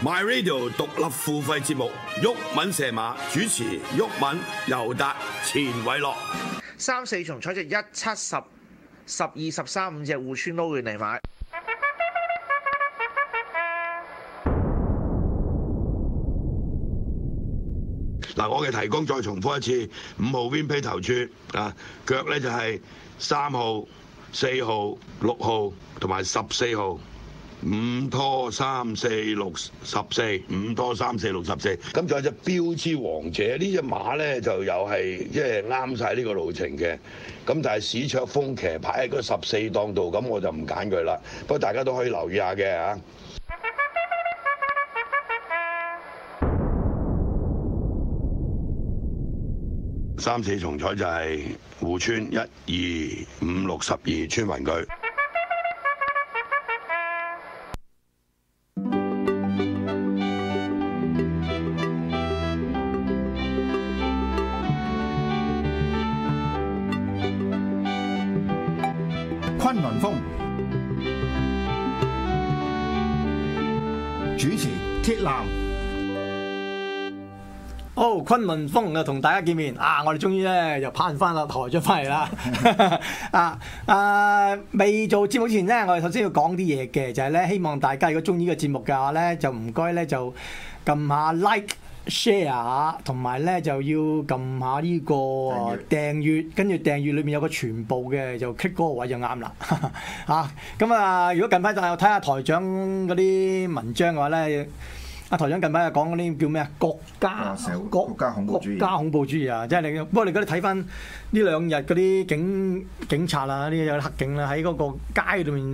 My Radio 獨立付費節目，毓民射馬主持，毓民、猶達、錢偉樂，三四重彩只一七十十,十二十三五隻互村撈完嚟買。嗱，我嘅提供再重複一次，五號邊批投注啊，腳咧就係三號、四號、六號同埋十四號。五拖三四六十四，五拖三四六十四。咁仲有隻標誌王者呢隻馬咧就又係，即係啱晒呢個路程嘅，咁但係史卓風騎牌喺個十四檔度，咁我就唔揀佢啦。不過大家都可以留意下嘅。三四重彩就係湖村一二五六十二村民居。崑崙風又同大家見面啊！我哋終於咧就攀翻落台，咗翻嚟啦啊！誒、啊，未做節目之前咧，我哋首先要講啲嘢嘅，就係、是、咧希望大家如果中意個節目嘅話咧，就唔該咧就撳下 like share 同埋咧就要撳下呢、這個訂閱，跟住訂閱裏面有個全部嘅，就 click 嗰個位就啱啦嚇。咁 啊，如果近排就我睇下台長嗰啲文章嘅話咧。阿台長近排又講嗰啲叫咩啊？國家、啊、國家國家恐怖主義啊！即係你，不過你嗰啲睇翻呢兩日嗰啲警警察啊、啲有黑警啦、啊，喺嗰個街裏面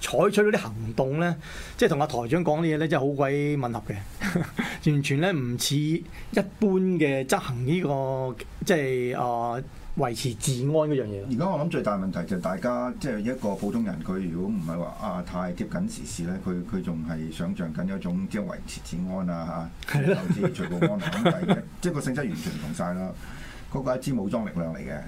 採取嗰啲行動咧，即係同阿台長講啲嘢咧，真係好鬼吻合嘅，完全咧唔似一般嘅執行呢、呢個即係啊。就是呃維持治安嗰樣嘢，而家我諗最大問題就係大家即係、就是、一個普通人，佢如果唔係話啊太貼緊時事咧，佢佢仲係想像緊一種即係維持治安啊嚇，導致內部安寧嘅，即係個性質完全唔同晒啦，嗰、那個一支武裝力量嚟嘅，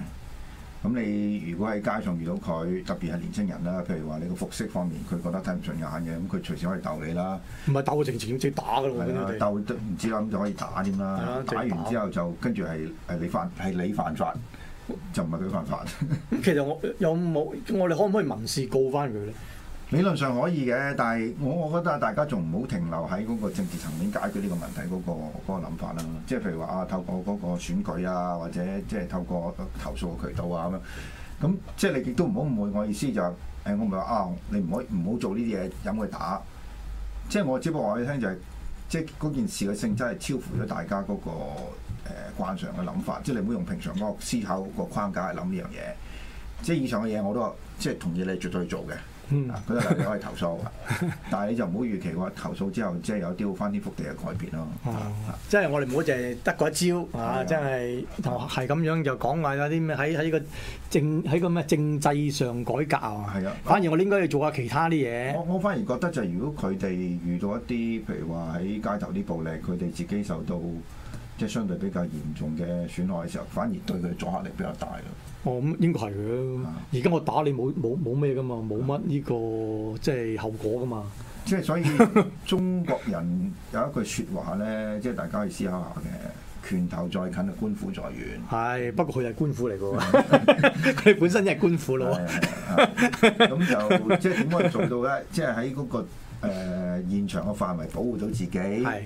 咁你如果喺街上遇到佢，特別係年青人啦，譬如話你個服飾方面，佢覺得睇唔順眼嘅，咁佢隨時可以鬥你啦。唔係鬥定直接打嘅喎。鬥唔知啦，咁就可以打添啦、啊。打完之後就跟住係係你犯係你犯法。就唔係佢犯法。其實我有冇，我哋可唔可以民事告翻佢咧？理論上可以嘅，但係我我覺得大家仲唔好停留喺嗰個政治層面解決呢個問題嗰個嗰個諗法啦。即係譬如話啊，透過嗰個選舉啊，或者即係透過投訴嘅渠道啊咁樣。咁即係你亦都唔好誤會我意思就係，誒我唔係話啊，你唔可以唔好做呢啲嘢，忍去打。即係我只不過話你聽就係，即係嗰件事嘅性質係超乎咗大家嗰個。誒慣常嘅諗法，即係你唔好用平常嗰個思考個框架去諗呢樣嘢，即係以上嘅嘢我都即係同意你絕對去做嘅，佢都大可以投訴， 但係你就唔好預期話投訴之後即係，就是，有啲翻天覆地嘅改變咯，哦啊。即係我哋唔好淨係得嗰一招啊！真係同係咁樣就講話嗰啲咩喺喺個政喺個咩政制上改革啊！係啊，反而我哋應該要做下其他啲嘢。我我反而覺得就係如果佢哋遇到一啲譬如話喺街頭啲暴力，佢哋自己受到。即係相對比較嚴重嘅損害嘅時候，反而對佢阻嚇力比較大咯。哦，咁應該係嘅。而家我打你冇冇冇咩噶嘛，冇乜呢個、嗯、即係後果噶嘛。即係所以中國人有一句説話咧，即 係大家可以思考下嘅，拳頭在近的官府在遠。係，不過佢係官府嚟嘅喎，佢 本身係官府咯。 咁就即係點樣做到咧？即係喺嗰個誒、呃、現場嘅範圍保護到自己。係。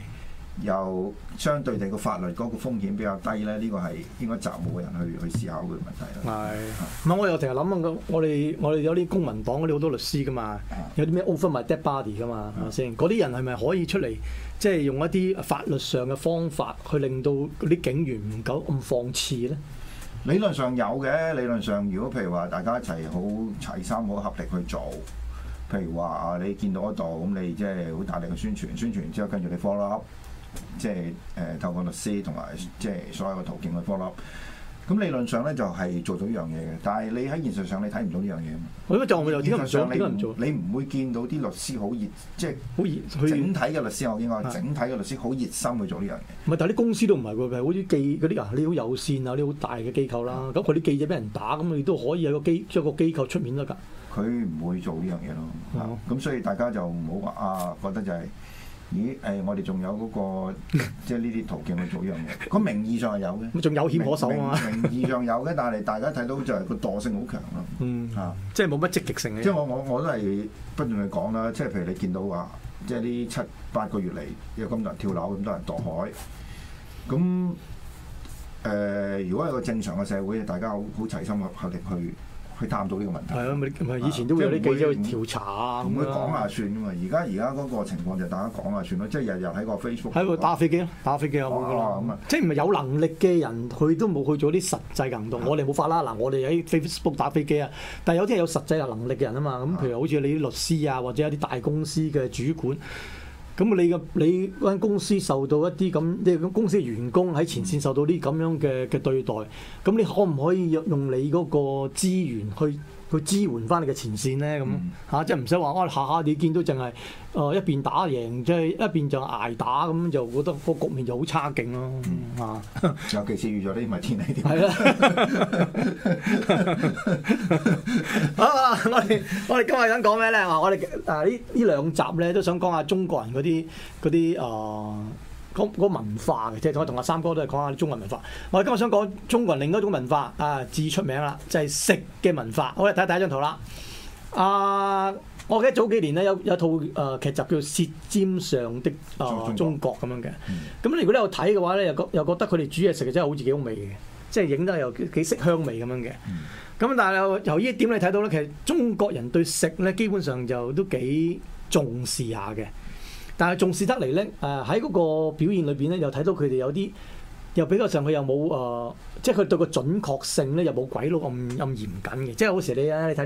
又相對地個法律嗰個風險比較低咧，呢、這個係應該執務嘅人去去思考嘅問題啦。係，唔、嗯、係我又成日諗啊！我我哋我哋有啲公民黨嗰啲好多律師噶嘛，有啲咩 over my dead body 噶嘛，係咪先？嗰、嗯、啲人係咪可以出嚟，即、就、係、是、用一啲法律上嘅方法去令到嗰啲警員唔夠咁放肆咧？理論上有嘅，理論上如果譬如話大家一齊好齊心好合力去做，譬如話你見到嗰度咁，你即係好大力去宣傳，宣傳完之後跟住你 follow up。即係誒、呃、透過律師同埋即係所有嘅途徑去 follow up，咁理論上咧就係、是、做到呢樣嘢嘅，但係你喺現實上你睇唔到呢樣嘢，我點解就我有，現實上冇做，你唔會見到啲律師好熱，即係好熱。佢整體嘅律師我見過，整體嘅律師好熱心去做呢樣嘢。唔係，但係啲公司都唔係喎，好似記嗰啲啊，你好有線啊，啲好大嘅機構啦，咁佢啲記者俾人打咁，你都可以有個機，有個機構出面得㗎。佢唔會做呢樣嘢咯。咁所以大家就唔好話啊，覺得就係、是。咦誒，我哋仲有嗰、那個即係呢啲途徑去做一樣嘢。個名義上係有嘅，咁仲有險可守嘛？名義上有嘅，但係大家睇到就係個惰性好強咯。嗯啊，即係冇乜積極性嘅。即係我我我都係不斷去講啦。即係譬如你見到話，即係呢七八個月嚟有咁多人跳樓，咁多人墮海。咁、嗯、誒、呃，如果係個正常嘅社會，大家好好齊心合，合力去。去探討呢個問題係啊，以前都會有啲記者去調查啊，咁佢講下算啊嘛。而家而家嗰個情況就大家講下算咯，即係日日喺個 Facebook 喺度打飛機咯，打飛機有冇啊咁啊。即係唔係有能力嘅人，佢都冇去做啲實際行動。我哋冇法啦。嗱，我哋喺 Facebook 打飛機啊，但係有啲係有實際嘅能力嘅人啊嘛。咁譬如好似你啲律師啊，或者一啲大公司嘅主管。咁你嘅你間公司受到一啲咁，即係公司嘅員工喺前線受到啲咁樣嘅嘅對待，咁你可唔可以用你嗰個資源去？佢支援翻你嘅前線咧咁嚇，即係唔使話我，哎、啊、下下你見到淨係誒一邊打贏，即係一邊就捱打咁，就覺得個局面就好差勁咯、啊嗯啊。尤其是預咗呢啲咪天氣點？係 啦、啊 啊，我哋我哋今日想講咩咧？話我哋誒呢呢兩集咧，都想講下中國人嗰啲嗰啲誒。講個文化嘅，即係我同阿三哥都係講下中國文、文化。我哋今日想講中國人另一種文化，啊，至出名啦，就係、是、食嘅文化。好啦，睇下第一張圖啦。啊，我記得早幾年咧有有一套誒、呃、劇集叫《舌尖上的啊、呃、中國》咁樣嘅。咁、嗯、如果你有睇嘅話咧，又覺又覺得佢哋煮嘢食嘅真係好似幾好味嘅，即係影得又幾色香味咁樣嘅。咁但係由呢一點你睇到咧，其實中國人對食咧基本上就都幾重視下嘅。但係重視得嚟咧，喺、呃、嗰個表現裏面咧，又睇到佢哋有啲又比較上佢又冇誒，即係佢對個準確性咧又冇鬼佬咁咁嚴謹嘅。即係好似你咧，你睇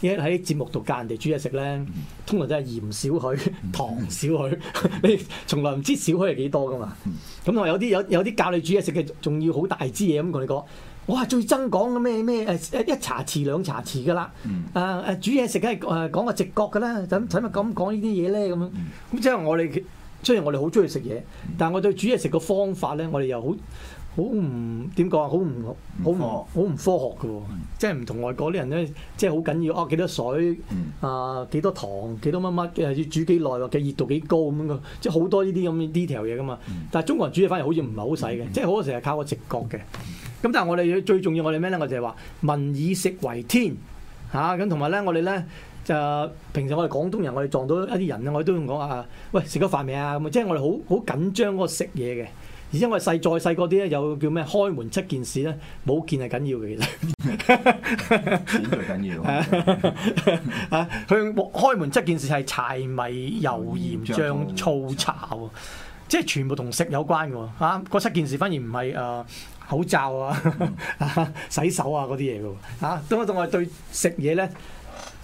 啲喺節目度教人哋煮嘢食咧，通常都係鹽少許，糖少許， 你從來唔知少許係幾多噶嘛。咁同埋有啲有有啲教你煮嘢食嘅仲要好大支嘢咁同你講。我係最憎講嘅咩咩誒一茶匙兩茶匙噶啦、嗯，啊誒煮嘢食梗係誒講個直覺嘅啦，怎使咪咁講呢啲嘢咧？咁樣咁、嗯、即係我哋雖然我哋好中意食嘢，但係我對煮嘢食個方法咧，我哋又好好唔點講啊，好唔好唔好唔科學嘅喎、嗯、即係唔同外國啲人咧，即係好緊要哦、啊、幾多水啊，幾多糖，幾多乜乜要煮幾耐，嘅熱度幾高咁嘅，即係好多呢啲咁 detail 嘢嘅嘛。但係中國人煮嘢反而好似唔係好使嘅，即係好多成日靠個直覺嘅。咁但係我哋最重要的是，我哋咩咧？我就係話民以食為天嚇，咁同埋咧，我哋咧就平時我哋廣東人，我哋撞到一啲人咧，我哋都會講啊，喂，食咗飯未啊？咁即係我哋好好緊張嗰個食嘢嘅，而且我哋細再細嗰啲咧，有叫咩開門七件事咧？冇件係緊要嘅，其實最緊要啊！佢 開門七件事係柴米油鹽醬醋茶喎， 即係全部同食有關嘅喎，嗰、啊、七件事反而唔係誒。啊口罩啊，洗手啊嗰啲嘢嘅喎，嚇咁啊同我對食嘢咧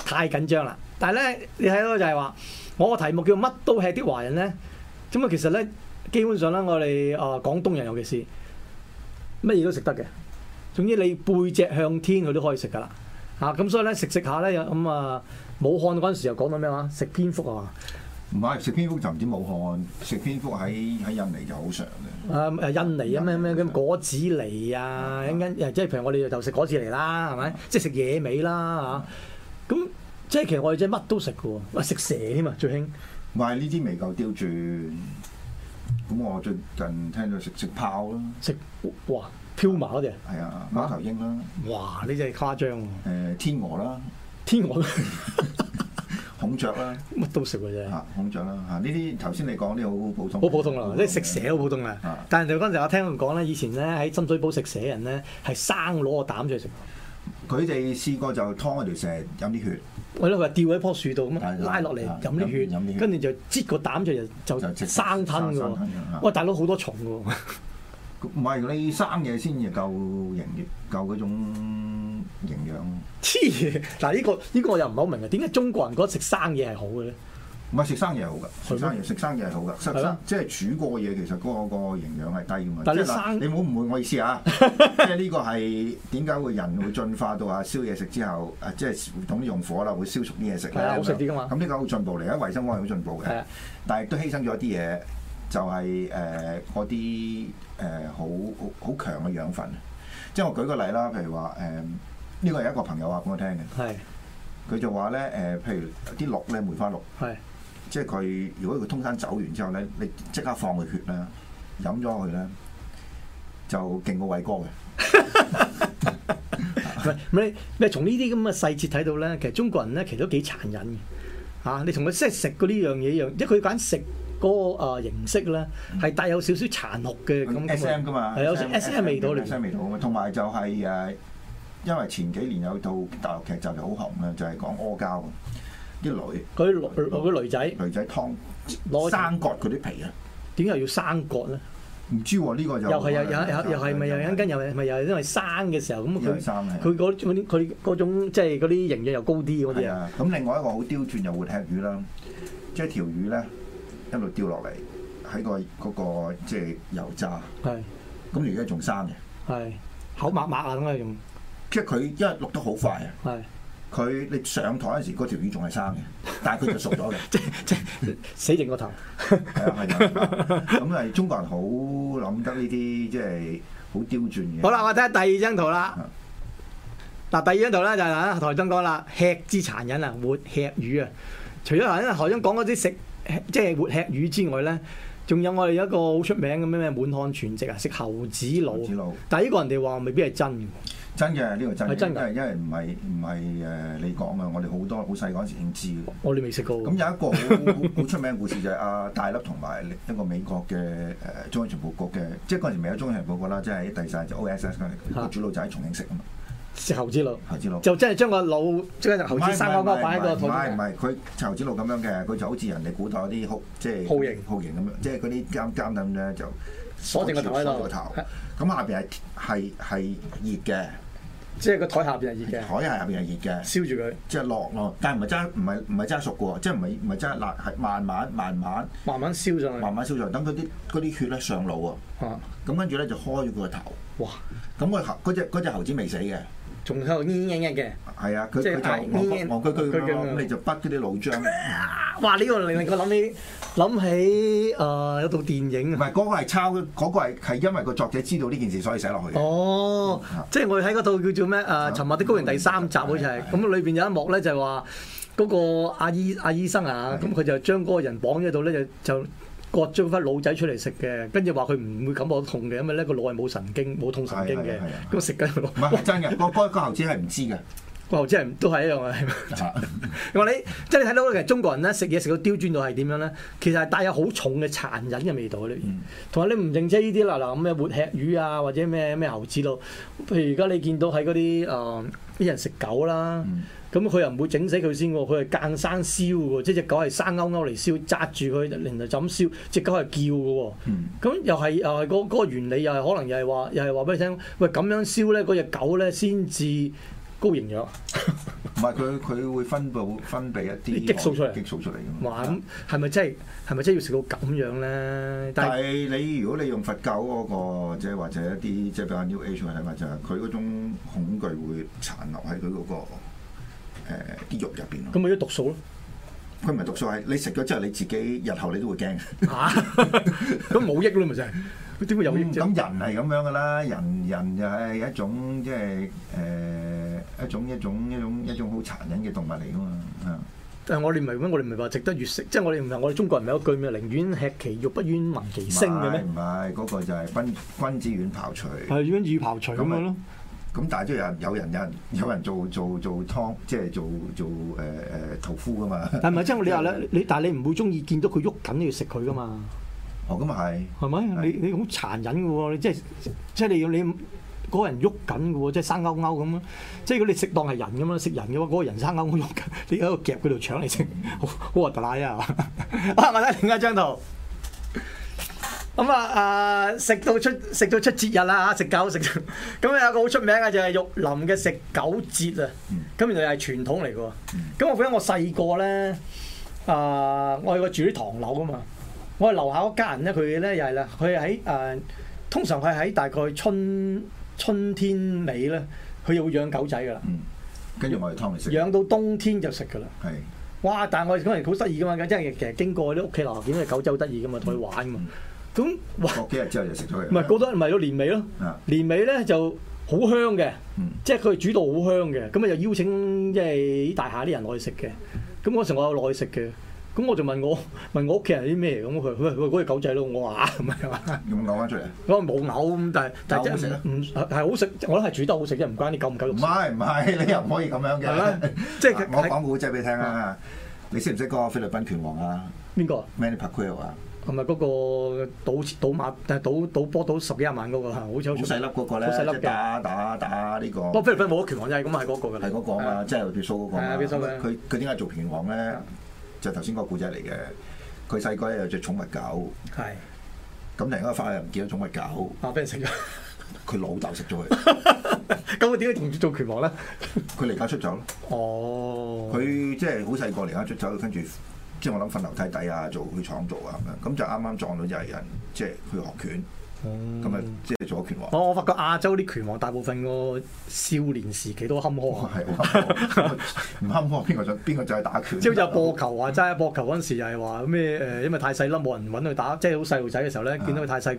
太緊張啦。但係咧，你睇到就係話我個題目叫乜都吃啲華人咧，咁啊其實咧基本上咧我哋啊廣東人尤其是乜嘢都食得嘅，總之你背脊向天佢都可以食噶啦。嚇咁所以咧食食下咧又咁啊，武漢嗰陣時又講到咩話食蝙蝠啊？唔係食蝙蝠就唔止武漢，食蝙蝠喺喺印尼就好常嘅。啊印尼啊咩咩咁果子狸啊，咁即係譬如我哋就食果子狸啦，係、啊、咪？即係食野味啦嚇。咁、啊、即係其實我哋真係乜都食嘅喎，食、啊啊、蛇添嘛最興。唔係呢啲未夠刁鑽。咁我最近聽到食食炮啦，食哇飄麻嗰隻。係啊，貓、啊、頭鷹啦。哇！呢隻係誇張、啊。誒、呃，天鵝啦。天鵝。 孔雀啦，乜都食嘅啫。孔雀啦，嚇呢啲頭先你講啲好普通。好普通啦，即係食蛇好普通嘅。但係就嗰陣我聽佢講咧，以前咧喺深水埗食蛇人咧係生攞個膽出嚟食。佢哋試過就劏嗰條蛇飲啲血。喂，或者佢話吊喺樖樹度咁拉落嚟飲啲血，跟住就擠個膽出嚟就生吞㗎喎。哇！大佬好多蟲㗎、啊、喎。唔係你生嘢先至夠營業，夠嗰種。營養？黐嘢、這個！嗱呢個呢個我又唔係好明啊，點解中國人覺得食生嘢係好嘅咧？唔係食生嘢係好噶食生嘢，食生嘢係好噶生即係煮過嘢，其實嗰、那個、那個營養係低嘅嘛。但係生，你唔好誤會我意思啊！ 即係呢個係點解會人會進化到啊燒嘢食之後吃啊，即係懂得用火啦，會燒熟啲嘢食咧，好食啲噶嘛。咁呢個好進步嚟，喺衛生方面好進步嘅、啊。但係都犧牲咗啲嘢，就係誒嗰啲誒好好好強嘅養分。即係我舉個例啦，譬如話誒，呢個係一個朋友話畀我聽嘅，佢就話咧誒，譬如啲鹿咧梅花鹿，即係佢如果佢通山走完之後咧，你即刻放佢血咧，飲咗佢咧就勁過偉哥嘅。咁你你從呢啲咁嘅細節睇到咧，其實中國人咧其實都幾殘忍嘅嚇。你同佢即係食過呢樣嘢一樣，即係佢揀食。嗰、那個形式咧，係帶有少少殘酷嘅咁，係、嗯、有少少 S M 味道嚟嘅，同埋就係誒，因為前幾年有套大陸劇集就係好紅啦，就係、是、講阿膠，啲女啲女仔，女仔攞生割嗰啲皮啊，點解又要生割咧？唔知喎、啊，呢、這個就又、就是、又係、就是、又又咪又一根又咪咪又係因為生嘅時候咁佢佢嗰種,種即係嗰啲營養又高啲嗰啲啊！咁、那個、另外一個好刁鑽又活吃魚啦，即、就、係、是、條魚咧。一路掉落嚟喺個嗰個即係油炸，係咁而家仲生嘅，係口擘擘啊咁樣，即係佢因為落得好快啊，係佢你上台嗰時，嗰條魚仲係生嘅，但係佢就熟咗嘅，即即死淨個頭，係啊係啊，咁係中國人好諗得呢啲即係好刁鑽嘅。好啦，我睇下第二張圖啦，嗱，第二張圖咧就係啊台中講啦，吃之殘忍啊，活吃魚啊，除咗頭先台中講嗰啲食。即係活吃魚之外咧，仲有我哋有一個好出名嘅咩咩滿漢全席啊，食猴子佬。子佬但係呢個人哋話未必係真嘅。真嘅呢、呢個真嘅，因為因為唔係唔係誒你講嘅，我哋好多好細嗰陣時已經知我哋未食過。咁有一個好 出名嘅故事就係阿大粒同埋一個美國嘅誒中央情報局嘅，即係嗰陣時未有中央情報局啦，即係喺第曬就 OSS 嗰個主腦就喺重慶食啊嘛。猴子路，就真係將個腦，即係猴子生骨骨擺個台度。唔係唔係，佢猴子路咁樣嘅，佢就好似人哋古代嗰啲即係酷刑酷刑咁樣，即係嗰啲監監等咧就鎖住個頭度，咁下邊係係係熱嘅，即係個台下邊係熱嘅。台下邊係熱嘅，燒住佢，即係落咯。但係唔係揸唔係唔係揸熟嘅，即係唔係唔係揸辣，係慢慢慢慢慢慢燒上去，慢慢燒上去，等啲嗰啲血咧上腦啊。咁跟住咧就開咗佢個頭，哇！咁嗰隻隻猴子未死嘅。從頭依依嘅，係啊，佢佢就戇戇居居咁你就筆嗰啲老張，哇！呢、這個令令我諗起諗 起誒、呃、有套電影唔係嗰個係抄嗰、那個係因為個作者知道呢件事，所以寫落去嘅哦，嗯、即係我哋喺嗰套叫做咩誒《沉、啊、默、啊、的羔羊》第三集好似係，咁裏邊有一幕咧就係話嗰個阿醫阿醫生啊，咁佢就將嗰個人綁喺度咧就就。就割咗忽腦仔出嚟食嘅，跟住話佢唔會感覺到痛嘅，因為咧個腦係冇神經、冇痛神經嘅，咁食緊。係真嘅，個 個猴子係唔知嘅。哇！即係都係一樣嘅，係嘛？你，即係你睇到其實中國人咧食嘢食到刁鑽到係點樣咧？其實係帶有好重嘅殘忍嘅味道喺裏邊。同埋你唔認真呢啲啦，嗱咁咩活吃魚啊，或者咩咩猴子囉。譬如而家你見到喺嗰啲誒啲人食狗啦，咁、嗯、佢又唔會整死佢先，佢係間生燒嘅，即係隻狗係生勾勾嚟燒，紮住佢，然後就咁燒。隻狗係叫嘅，咁、嗯、又係又係嗰、嗰個嗰個原理又，又係可能又係話又係話俾你聽。喂，咁樣燒咧，嗰隻狗咧先至。高營養，唔係佢佢會分泌分泌一啲激素出嚟，激素出嚟嘅嘛。咁係咪真係係咪真係要食到咁樣咧？但係你如果你用佛教嗰個，或者或者一啲即係比較 new age 嘅睇法，就係佢嗰種恐懼會殘留喺佢嗰個誒啲肉入邊咯。咁咪啲毒素咯？佢唔係毒素，係你食咗之後你自己日後你都會驚嚇，咁冇益咯，咪就係，佢點會有益啫？咁人係咁樣噶啦，人人就係一種即係誒。一種一種一種一種好殘忍嘅動物嚟噶嘛？但係我哋唔係我哋唔係話值得越食，即係我哋唔係我哋中國人唔係一句咩寧願吃其肉不願聞其聲嘅咩？唔係嗰個就係君君子遠庖廚，係遠遠庖廚咁樣咯。咁、啊、但係都有人有人有人有人做做做湯，即係做做誒誒屠夫噶嘛？係咪即係你話咧？你但係你唔會中意見到佢喐緊要食佢噶嘛？哦，咁又係係咪？你你好殘忍嘅喎、哦！你即係即係你要你。你嗰、那個人喐緊嘅喎，即係生勾勾咁咯，即係如果你食當係人咁咯，食人嘅喎，嗰、那個人生勾勾喐緊，你喺度夾佢度搶嚟食，好核突啊依下， 啊我睇另一張圖，咁、嗯、啊誒食到出食到出節日啦嚇，食狗食，咁有個好出名嘅就係、是、玉林嘅食狗節、嗯、啊，咁原來又係傳統嚟嘅，咁我記得我細個咧，啊我係個住啲唐樓嘅嘛，我係樓下嗰家人咧，佢咧又係啦，佢喺誒通常佢喺大概春。春天尾咧，佢又會養狗仔噶啦。嗯，跟住我哋劏嚟食。養到冬天就食噶啦。係。哇！但係我哋咁樣好得意噶嘛，咁即係其實經過啲屋企樓下見啲狗仔好得意噶嘛，同、嗯、佢玩嘛。咁過、嗯嗯、幾日之後就食咗佢。唔係過多，唔係到年尾咯。年尾咧就好香嘅、嗯，即係佢煮到好香嘅，咁咪就邀請即係啲大廈啲人落去食嘅。咁、那、嗰、個、時我有落去食嘅。咁我就問我問我屋企人啲咩咁，佢佢佢嗰隻狗仔咯。我話唔係嘛，有咬翻出嚟？我冇咬，但係但係好食咯，唔係好食，我覺得係煮得好食啫，唔關你狗唔狗肉。唔係唔係，你又唔可以咁樣嘅。即係我講古仔俾你聽啊，你識唔識嗰個菲律賓拳王啊？邊個？Man Pacquiao 啊？同埋嗰個賭賭馬定係賭波賭，賭，賭，賭，賭十幾廿萬嗰、那個，個、那個就是這個、啊，好出名。好細粒打打打呢個。我菲律賓冇拳王就係咁係嗰個㗎。係、啊、嗰、就是、個嘛，即係傑蘇嗰個佢佢點解做拳王咧？啊就是就係頭先個故仔嚟嘅，佢細個咧，有隻寵物狗，係咁嚟緊一返去又唔見咗寵物狗，啊俾人食咗，佢老豆食咗佢，咁我點解仲做拳王咧？佢離家出走咯，哦，佢即係好細個離家出走，跟住即係我諗瞓樓梯底啊，做去廠做啊咁樣，咁就啱啱撞到就係人即係就係去學拳，咁啊即係。拳、哦、王，我發發覺亞洲啲拳王大部分個少年時期都坎坷，、哦、坎坷，係 唔坎坷邊個想邊個就係打拳？朝就播球啊！揸播球嗰陣時又係話咩誒？因為太細粒冇人揾佢打，即係好細路仔嘅時候咧，見到佢太細、那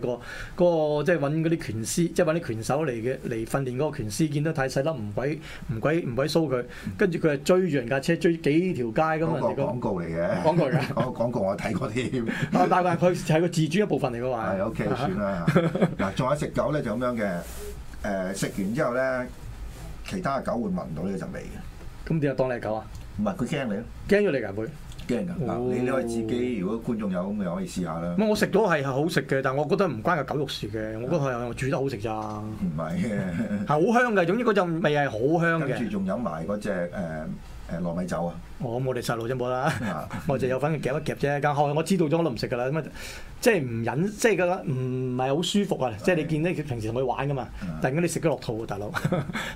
個，嗰即係揾嗰啲拳師，即係揾啲拳手嚟嘅嚟訓練嗰個拳師，見得太細粒唔鬼唔鬼唔鬼騷佢，跟住佢係追住人架車追幾條街咁、那個、啊！廣告嚟嘅，廣告嘅，廣告我睇過添。但係佢係個自主一部分嚟嘅嘛。係、哎、OK，算啦。嗱， 仲有狗咧就咁樣嘅，誒食完之後咧，其他嘅狗會聞到呢一陣味嘅。咁點解當你係狗啊？唔係佢驚你咯，驚咗你㗎，會，驚㗎。你你可以自己如果觀眾有咁咪可以試下啦。咁我食咗係好食嘅，但係我覺得唔關個狗肉事嘅，我覺得係我煮得好食咋。唔係嘅，係好香嘅。總之嗰陣味係好香嘅。跟住仲有埋嗰隻誒。糯米酒啊！哦、我冇哋細路啫，冇啦。 我就有份夾一夾啫。但係我知道咗，我都唔食噶啦。咁即係唔忍，即係覺得唔係好舒服啊。即係你見咧，平時同佢玩噶嘛，突然間你食咗落肚，大佬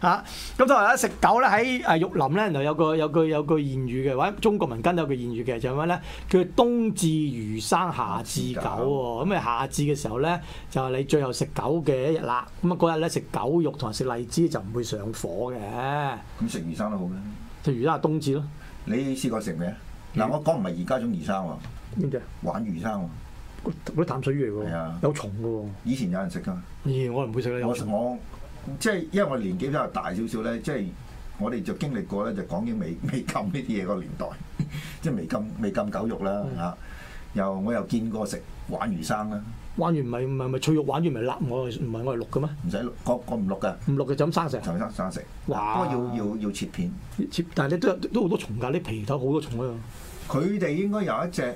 嚇。咁就係咧食狗咧，喺誒玉林咧，就有個有句有句諺語嘅，或者中國民間有句諺語嘅，就係咩咧？叫冬至魚生，夏至狗。咁啊，夏至嘅時候咧，就係你最後食狗嘅一日啦。咁啊，嗰日咧食狗肉同埋食荔枝就唔會上火嘅。咁食魚生都好咩？食魚生冬至咯。你試過食未啊？嗱，我講唔係而家種魚生喎。邊隻？鯇魚生喎。嗰啲淡水魚嚟喎。係啊。有蟲嘅喎。以前有人食㗎。以前我唔會食啦。我唔食我即係因為我年紀比較大少少咧，即係我哋就經歷過咧，就講緊未未禁啲嘢個年代，即係未禁未禁狗肉啦嚇。啊、又我又見過食鯇魚生啦。玩完唔係唔係唔係脆肉玩完唔係辣。不不不我唔係我係綠嘅咩？唔使綠，我我唔綠嘅。唔綠就咁生食。生食。哇！要要要切片。切片，但係咧都都好多蟲㗎，啲皮都好多蟲啊！佢哋應該有一隻，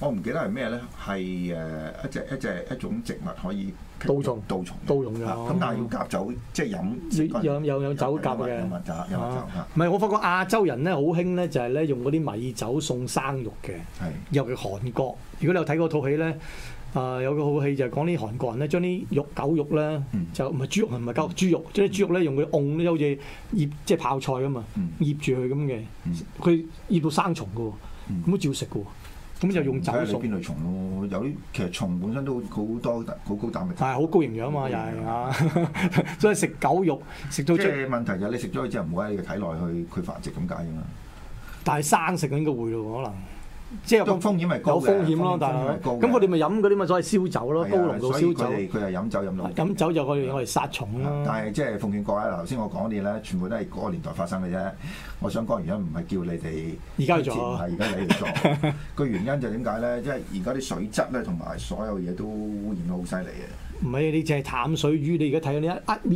我唔記得係咩咧，係誒一隻一隻一種植物可以。杜蟲。杜蟲。嘅。咁、嗯嗯、但係要夾酒，即係飲。有有，有，有酒夾嘅。唔係，啊啊、我發覺亞洲人咧好興咧，就係咧用嗰啲米酒送生肉嘅。係。尤其韓國，如果你有睇過套戲咧。啊、uh，有個好戲就係講啲韓國人咧，將啲肉狗肉咧、嗯，就唔係豬肉，唔係狗肉、嗯。豬肉，將啲豬肉咧用佢燙咧，好似醃即係泡菜咁嘛，醃住佢咁嘅，佢醃到生蟲嘅喎，咁、嗯、都照食嘅喎，咁就用酒餸咯。有啲其實蟲本身都好多好高膽，但係好高營養啊嘛，又係啊，嗯、 所以食狗肉食到即係、就是、問題就係你食咗佢之後，唔會喺你嘅體內去佢繁殖咁解啊嘛。但係生食應該會咯，可能。即係有風險咯，啊，但係咁佢哋咪飲嗰啲咪所謂燒酒咯，高濃度燒酒。佢又飲酒飲到飲酒就我哋我哋殺蟲啊。但係即係奉勸各位，頭先我講啲咧，全部都係嗰個年代發生嘅啫。我想講原因唔係叫你哋而家做，唔係而家你要做。個 原因就點解咧？即係而家啲水質咧，同埋所有嘢都污染得好犀利嘅。唔係，你淨係淡水魚。你而家睇到你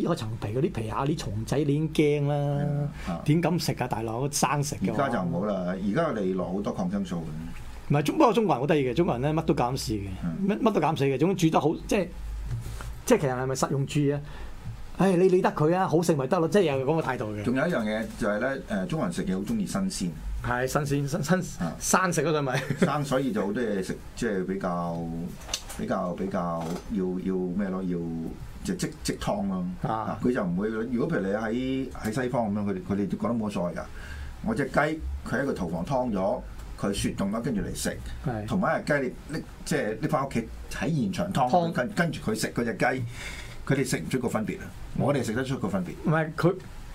一搣開層皮，嗰啲皮下啲蟲仔你已經驚啦。點敢食啊，大佬生食？而家就唔好啦。而家我哋落好多抗生素唔係中，不過中國人好得意嘅。中國人咧乜都減死嘅，乜、嗯、乜都減死嘅。總之煮得好，即係即係其實係咪實用主義啊？誒你理得佢啊，好食咪得咯，即係有佢咁嘅態度嘅。仲有一樣嘢就係、是、咧，誒、呃、中國人食嘢好中意新鮮，係新鮮新新生食咯，係咪？生所以就好多嘢食、就是，即係比較比較比較要要咩咯？要、啊啊、就即即劏咯。佢就唔會。如果譬如你喺喺西方咁樣，佢哋佢哋覺得冇所謂噶。我隻雞佢喺個屠房劏咗，佢雪凍咗，跟住嚟食。同埋啊雞，你拎即係拎翻屋企喺現場劏，跟跟住佢食嗰隻雞。佢哋食唔出個分別啊！我哋食得出個分別。唔係佢，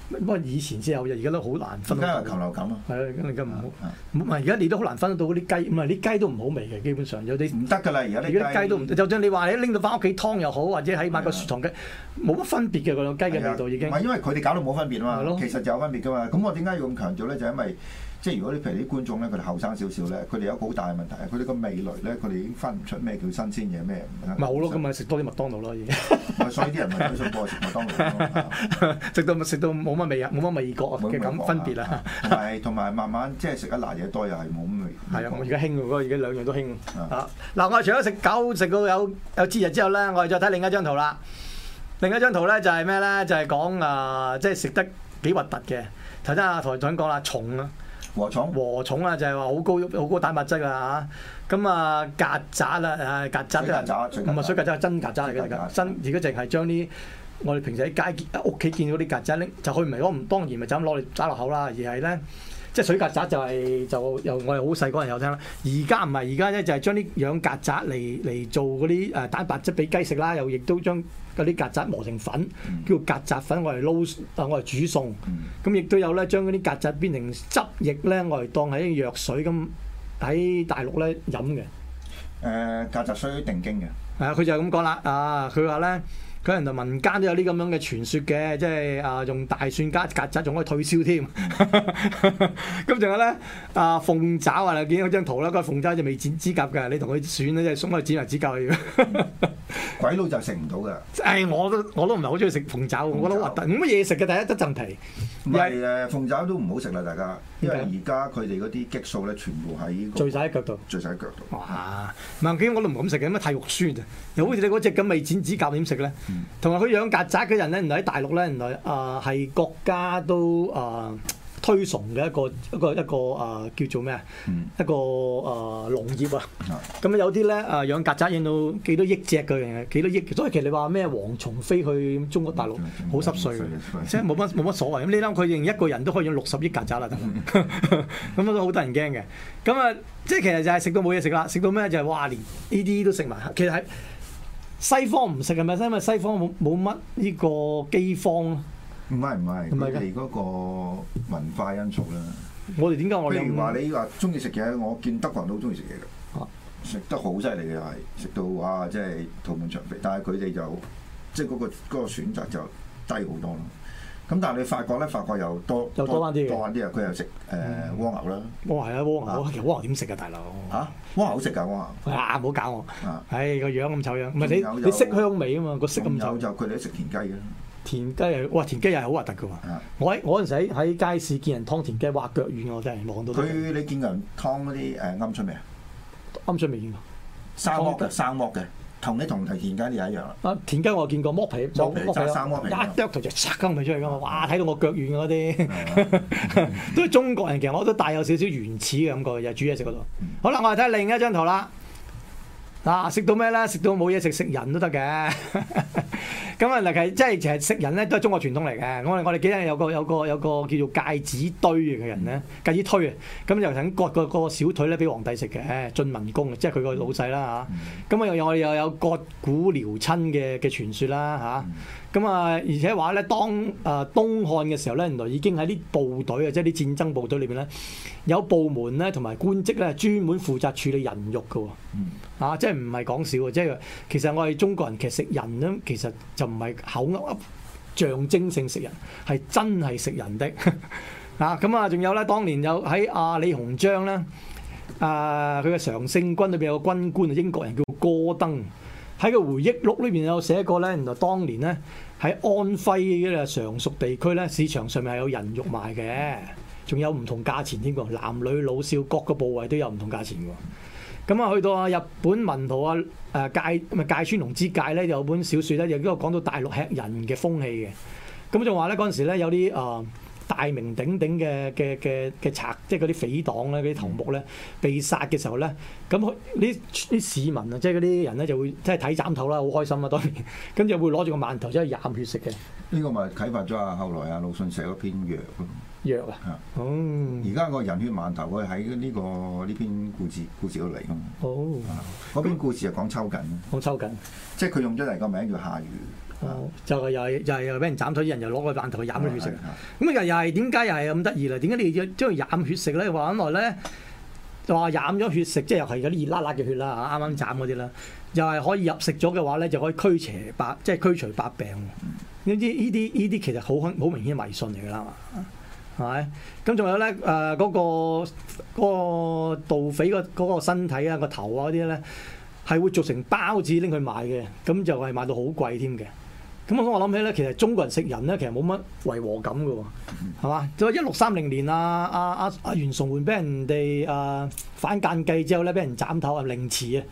不過以前先有嘅，而家都好難。分。疆有禽流感啊。係啊，唔好。唔係而家你都好難分得到嗰啲、啊啊、雞。唔係啲雞都唔好味嘅，基本上有啲唔得㗎啦。而家啲雞都唔，得。就算你話你拎到返屋企劏又好，或者喺買個雪藏雞，冇乜分別嘅嗰種雞嘅味道已經。唔係因為佢哋搞到冇分別啊嘛，其實就有分別㗎嘛。咁我點解要咁強做咧？就是、因為。即係如果你譬如啲觀眾咧，佢哋後生少少咧，佢哋有一個好大嘅問題。佢哋個味蕾咧，佢哋已經分唔出咩叫新鮮嘢，咩唔得。咪好咯，咁咪食多啲麥當勞咯。已經， 所以啲人咪係追數過食麥當勞咯，食 到食到冇乜味，味，的分味道啊，冇 乜味覺啊嘅分別啊。同同埋慢慢即係食得辣嘢多又係冇咁味。係 啊，我而家興嗰個，而家兩樣都興嗱，我哋除咗食狗食到有有節日嘅之後咧，我哋再睇另一張圖啦。另一張圖咧就係咩咧？就係、是、講啊、呃，即係食得幾核突嘅。頭先阿台長講啦，重啊。禾蟲禾蟲啊，就係話好高，好高蛋白質啊嚇！咁啊，曱甴啦，誒曱甴，唔係水曱甴係真曱甴嚟嘅。真而家淨係將啲我哋平時喺街見、屋企見到啲曱甴拎，就佢唔係講唔當然咪就咁攞嚟揸落口啦，而係咧。即係水曱甴就係、是、就由我哋好細個人有聽啦，而家唔係而家咧就係、是、將啲養曱甴嚟嚟做嗰啲誒蛋白質俾雞食啦，又亦都將嗰啲曱甴磨成粉，嗯、叫曱甴粉，我嚟撈，我嚟煮餸。咁亦都有咧，將嗰啲曱甴變成汁液咧，我嚟當係藥水咁喺大陸咧飲嘅。誒曱甴水定經嘅，係啊，佢就係咁講啦啊，佢話咧。佢原來民間都有啲咁樣嘅傳說嘅，即係啊用大蒜加曱甴，仲可以退燒添。咁 仲有咧啊鳳爪啊，見到張圖啦，個鳳爪就未剪指甲嘅，你同佢選咧，即係鬆佢剪埋指甲 鬼佬就食唔到㗎，誒我都我都唔係好中意食鳳爪，我覺得核突，冇乜嘢食嘅。第一得陣皮，唔係誒鳳爪都唔好食啦，大家，因為而家佢哋嗰啲激素咧，全部喺聚晒喺腳度，聚曬喺腳度。哇！萬幾我都唔敢食嘅，咁啊太肉酸啊！又好似你嗰隻咁未剪指甲點食咧？嗯，同埋佢養曱甴嘅人咧，原來喺大陸咧，原來啊係、呃、國家都啊。呃推崇嘅一個一個一個啊、呃，叫做咩啊？一個啊農業啊，咁、呃嗯、有啲咧啊養曱甴養到幾多億隻嘅，幾多億？所以其實你話咩蝗蟲飛去中國大陸好濕碎，即係冇乜冇乜所謂。咁你諗佢認一個人都可以養六十億曱甴啦，咁、嗯、啊 都好得人驚嘅。咁啊即係其實就係食到冇嘢食啦，食到咩就係話連呢啲都食埋。其實西方唔食係咪，因為西方冇冇乜呢個饑荒唔係唔係，係嗰個文化因素啦。我哋點解我哋唔？譬如話你話中意食嘢，我見德國人都中意食嘢嘅，食、啊、得好犀利嘅係，食到哇！即係肚滿腸肥，但係佢哋就即係嗰個嗰、嗰個選擇就低好多咯。咁但係你發覺咧，發覺又多又多翻啲，多翻啲啊！佢又食誒蝸牛啦，蝸啊蝸牛，其實蝸牛點食啊大佬？嚇，蝸牛好食㗎蝸牛，啊唔好、啊啊啊、搞我，唉、啊、個、哎、樣咁醜樣，唔係你你識香味啊嘛，個色咁醜就佢哋都食田雞嘅。田雞又，哇！田雞又係好核突噶喎！我喺我嗰陣時喺街市見人劏田雞，挖腳軟我真係望到。佢你見人劏嗰啲誒鵪鶉味啊？鵪鶉味㗎，生剝嘅生剝嘅，同你同提田雞啲一樣啊，田雞我見過，剝皮剝皮揸砂一剁佢就剝骨出去。㗎嘛！哇，睇到我腳軟嗰啲、嗯 嗯，都係中國人其實我都帶有少少原始嘅感覺，又煮嘢食嗰度。好啦，我哋睇下另一張圖啦。嗱、啊，食到咩咧？食到冇嘢食，食人都得嘅。咁啊，尤其即真係其實食人咧都係中國傳統嚟嘅。我我哋記得有個有個有個叫做戒指堆嘅人咧，戒指推啊，咁就想割個個小腿咧俾皇帝食嘅。晉文公即係佢個老細啦嚇。咁啊又又又有割股療親嘅嘅傳說啦嚇。咁、嗯、啊而且話咧，當誒東漢嘅時候咧，原來已經喺啲部隊啊，即係啲戰爭部隊裏邊咧，有部門咧同埋官職咧專門負責處理人肉嘅喎。即係唔係講笑啊，即係其實我哋中國人其實食人咧，其實就。唔係口噏噏象徵性食人，係真係食人的啊！咁啊，仲有咧，當年有喺阿李鴻章咧，啊佢嘅常勝軍裏邊有個軍官，英國人叫哥登，喺個回憶錄裏邊有寫過咧，原來當年咧喺安徽嘅常熟地區咧，市場上面係有人肉賣嘅，仲有唔同價錢添㗎，男女老少各個部位都有唔同價錢嘅。咁啊，去到啊日本文豪啊誒芥唔係芥川龍之介咧，有本小說咧，亦都有講到大陸吃人嘅風氣嘅。咁就話咧，嗰陣時咧，有啲誒大名鼎鼎嘅嘅嘅嘅賊，即係嗰啲匪黨咧，嗰啲頭目咧被殺嘅時候咧，咁呢啲市民啊，即係嗰啲人咧就會即係睇斬頭啦，好開心啊，當然，跟住會攞住個饅頭即係飲血食嘅。呢個咪啟發咗啊，後來啊魯迅寫咗篇藥。藥啊，嗯，而家個人血饅頭在、這個，我喺呢個呢篇故事故事度嚟嘅。哦、oh. 啊，嗰篇故事就講秋瑾，講秋瑾，即係佢用咗嚟個名叫夏瑜、oh. 啊。就係又係就係、是、又俾人斬咗啲人又攞個饅頭去飲咗血食。咁啊，又係點解又係咁得意咧？點解你要將佢飲血食咧？話講來呢就話飲咗血食，即係又係嗰啲熱辣辣嘅血啦。嚇，啱啱斬嗰啲啦，又係可以入食咗嘅話咧，就可以驅邪白，即、就、係、是、驅除百病。呢啲呢啲呢啲其實好好明顯的迷信嚟㗎啦。係？咁仲有咧？誒、呃、嗰、嗰個嗰、嗰個、盜匪個、嗰個身體啊，嗰個頭啊啲咧，係會做成包子拎去賣嘅。咁就係賣到好貴添嘅。咁我我諗起咧，其實中國人食人咧，其實冇乜違和感嘅喎。係嘛？就一六三零年啊，阿阿阿袁崇煥俾人哋誒、啊、反間計之後咧，俾人斬頭人啊，凌遲啊，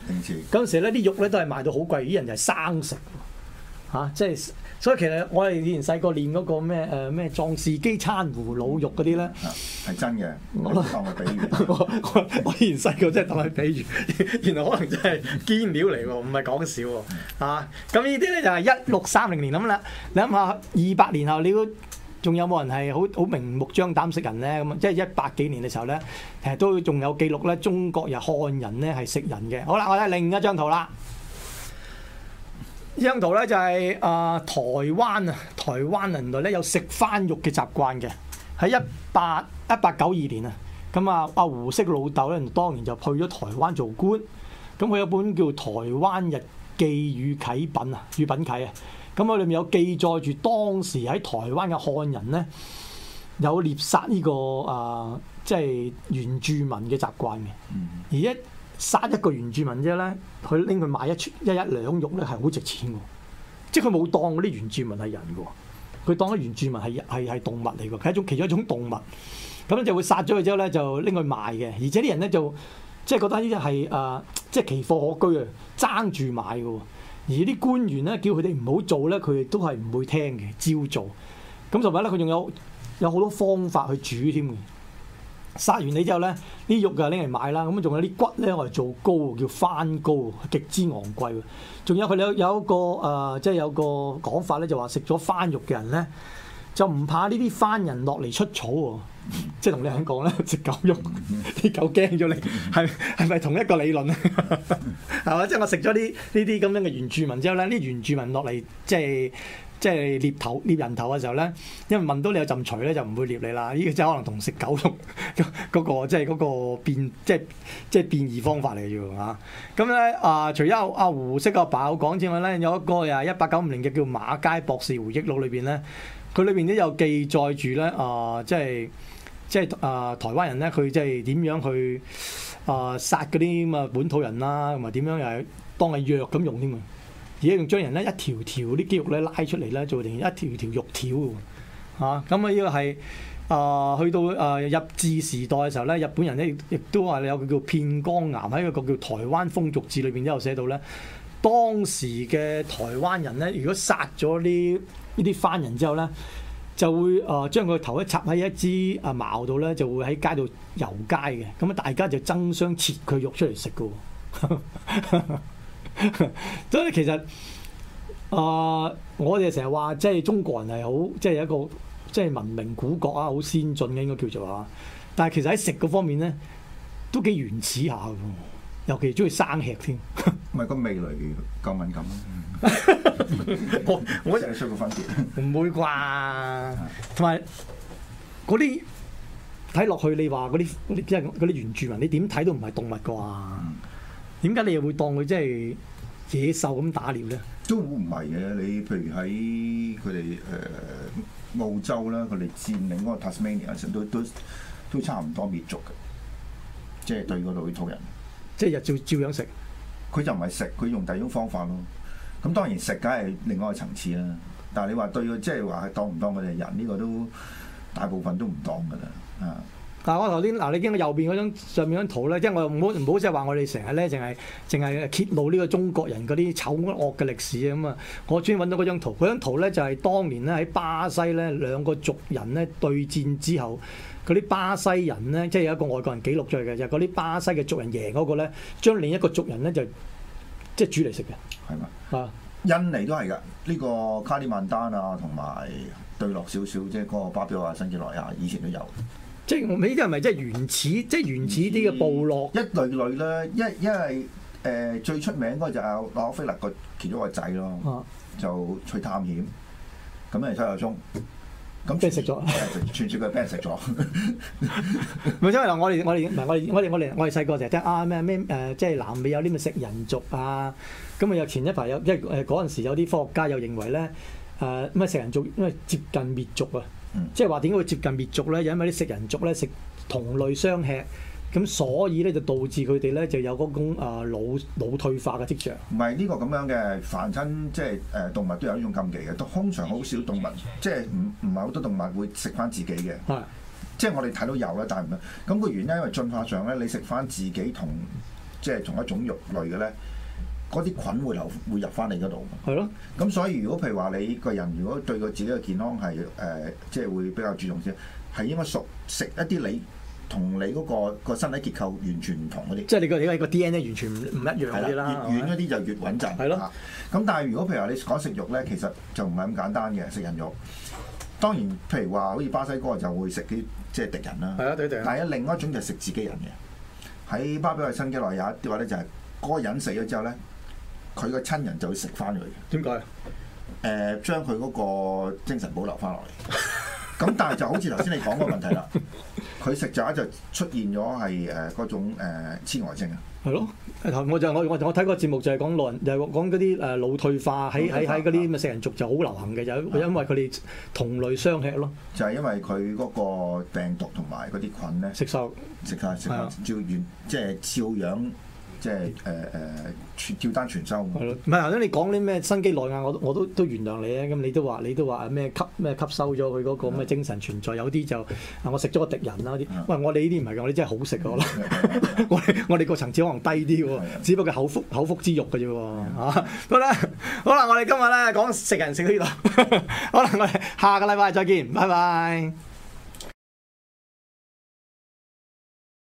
嗰陣時咧啲肉咧都係賣到好貴，啲人就係生食嚇，即係。所以其實我哋以前細個練嗰個咩誒咩壯志飢餐胡虜肉嗰啲咧，係真嘅，攞嚟當比喻 我。我我以前細個真係當佢比喻，原來可能真係堅料嚟喎，唔係講笑喎，咁呢啲咧就係一六三零年咁啦。你諗下二百年後你都仲有冇人係好好明目張膽食人咧？咁即係一百幾年嘅時候咧，其實都仲有記錄咧，中國人、漢人咧係食人嘅。好啦，我睇另一張圖啦。呢張圖咧就係、是、啊、呃、台灣啊，台灣人類咧有食番肉嘅習慣嘅。喺一八一八九二年啊，咁啊啊胡適老豆咧，當年就去咗台灣做官。咁佢有一本叫《台灣日記與啟稟》啊，《與稟啟》啊。咁佢裏面有記載住當時喺台灣嘅漢人咧，有獵殺呢個啊，即、就、係、是、原住民嘅習慣嘅。而一殺一個原住民之後咧，佢拎佢賣一串一一兩肉咧係好值錢嘅，即係佢冇當嗰啲原住民係人嘅，佢當咗原住民係係係動物嚟嘅，係一種其中一種動物。咁咧就會殺咗佢之後咧就拎佢賣嘅，而且啲人咧就即係覺得呢啲係誒即係奇貨可居啊，爭住買嘅。而啲官員咧叫佢哋唔好做咧，佢哋都係唔會聽嘅，照做。咁同埋咧，佢仲有有好多方法去煮添。殺完你之後咧，啲肉就拎嚟買啦。咁仲有啲骨咧，我哋做糕，叫番糕，極之昂貴。仲有佢有有一個誒，即係有個講法咧，就話食咗番肉嘅人咧，就唔怕呢啲番人落嚟出草喎。 即係同你講咧，食狗肉，啲 狗驚咗你，係咪同一個理論啊？係 嘛？即係我食咗啲呢啲咁樣嘅原住民之後咧，啲原住民落嚟即係。即係獵頭獵人頭嘅時候咧，因為聞到你有陣除咧，就唔會獵你啦。呢個真可能同食狗肉嗰、嗰個即係嗰個變即係即係變異方法嚟嘅啫嚇。咁、嗯、咧、嗯嗯、啊，除咗阿胡適阿爸，爸講之外咧，有一個又一八九五零嘅叫《馬偕博士回憶錄裡面呢》裏邊咧，佢裏邊都有記載住咧啊，即係即係啊、呃、台灣人咧，佢即係點樣去啊、呃、殺嗰啲咁啊本土人啦，同埋點樣又係當係藥咁用添啊！而且仲將人咧一條條啲肌肉咧拉出嚟咧，做成一條條肉條喎。咁啊！依個係啊、呃，去到啊、呃、日治時代嘅時候咧，日本人咧亦都話有個叫「片江岩」，喺一個叫在個叫《台灣風俗誌》裏邊都有寫到咧。當時嘅台灣人咧，如果殺咗呢依啲番人之後咧，就會啊、呃、將佢頭一插喺一支啊矛度咧，就會喺街度遊街嘅。咁啊，大家就爭相切佢肉出嚟食嘅。呵呵呵所 以其實啊、呃，我哋成日話即係中國人係好，即係一個即係文明古國啊，好先進嘅應該叫做啊。但係其實喺食嗰方面咧，都幾原始下，尤其中意生吃添。唔係，那個味蕾夠敏感咯。我我真係要個分別，唔不會啩？同埋嗰啲睇落去，你話嗰啲即係啲原住民，你點睇都唔係動物啩？嗯點解你又會當佢即係野獸咁打獵咧？都唔係嘅，你譬如喺佢哋誒澳洲啦，佢哋佔領嗰個 Tasmania 嘅時候，都都都差唔多滅族嘅，即係對嗰度啲土人。即係日照照樣食，佢就唔係食，佢用第二種方法咯。咁當然食梗係另外一個層次啦。但係你話對佢即係話當唔當佢哋人，呢個都大部分都唔當嘅啦，啊！嗱、啊，我頭先嗱，你見到右邊嗰張上面嗰張圖咧，即係我又唔好唔好即係話我哋成日咧，淨係淨係揭露呢個中國人嗰啲醜惡嘅歷史啊咁啊！我專揾到嗰張圖，嗰張圖咧就係、是、當年咧喺巴西咧兩個族人咧對戰之後，嗰啲巴西人咧即係有一個外國人記錄出嚟嘅，就係嗰啲巴西嘅族人贏嗰個咧，將另一個族人咧就即、是、係煮嚟食嘅，係嘛啊？印尼都係噶，呢、這個卡里曼丹啊，同埋對落少少，即係嗰個巴布亞新幾內亞以前都有。即係我啲係咪即係原始，即係原始啲嘅部落一類類啦。因為因為誒、呃、最出名嗰就係洛克菲勒嘅其中一個結咗個仔咯，就去探險，咁樣嚟七個咁即係食咗，串説佢俾人食咗。咪即係嗱，我哋我哋唔係我哋我哋我哋我哋細個成日聽啊咩咩誒，即係南美有啲咩食人族啊。咁啊有前一排有即係誒嗰陣時有啲科學家又認為咧誒咩食人族因為接近滅族啊。即係話點解會接近滅族咧？因為啲食人族咧食同類相吃，咁所以咧就導致佢哋咧就有嗰種啊腦腦退化嘅跡象。唔係呢個咁樣嘅，凡親即係誒動物都有一種禁忌嘅，通常好少動物即係唔唔係好多動物會食翻自己嘅。係，即係我哋睇到有啦，但係唔係。咁、那個原因因為進化上咧，你食翻自己同即係同一種肉類嘅咧。嗰啲菌會流會入翻你嗰度。係咯。咁所以如果譬如話你個人如果對個自己嘅健康係誒，即、呃、係、即係、會比較注重少，係應該熟食一啲你同你嗰、嗰個、嗰個身體結構完全唔同嗰啲。即係你個你個 DNA 完全唔唔一,一樣啦。越遠嗰啲就越穩陣。係咯。咁但係如果譬如話你講食肉咧，其實就唔係咁簡單嘅食人肉。當然，譬如話好似巴西哥就會食啲即係敵人啦。但係另外一種就係食自己人嘅。喺巴布亞新幾內有一啲話咧，就係嗰個人死咗之後咧，佢個親人就會食翻佢，點解？誒、呃，將佢嗰個精神保留翻落嚟。咁 但係就好似頭先你講個問題啦，佢 食咗就出現咗係誒嗰種誒、呃、痴呆症啊。係咯，我就是、我我我睇個節目就係講老人，就係、是、講嗰啲誒腦退化喺喺喺嗰啲咁嘅食人族就好流行嘅，就因為佢哋同類相吃咯。就係因為佢嗰個病毒同埋嗰啲菌咧，食熟，食下食下照原，即、就、係、是、照樣。即係誒誒照單全收的的。係咯，唔係頭先你講啲咩新機內壓，我都我都都原諒你啊！咁你都話你都話咩吸咩吸收咗佢嗰個咁嘅精神存在，有啲就啊我食咗個敵人啦啲。喂，我哋呢啲唔係㗎，我哋真係好食㗎咯。我我哋個層次可能低啲喎，只不過口腹口腹之慾㗎啫喎嚇。嗯 嗯嗯、 好啦，好啦，我哋今日咧講食人食血啦。 好啦，我哋下個禮拜再見，拜拜。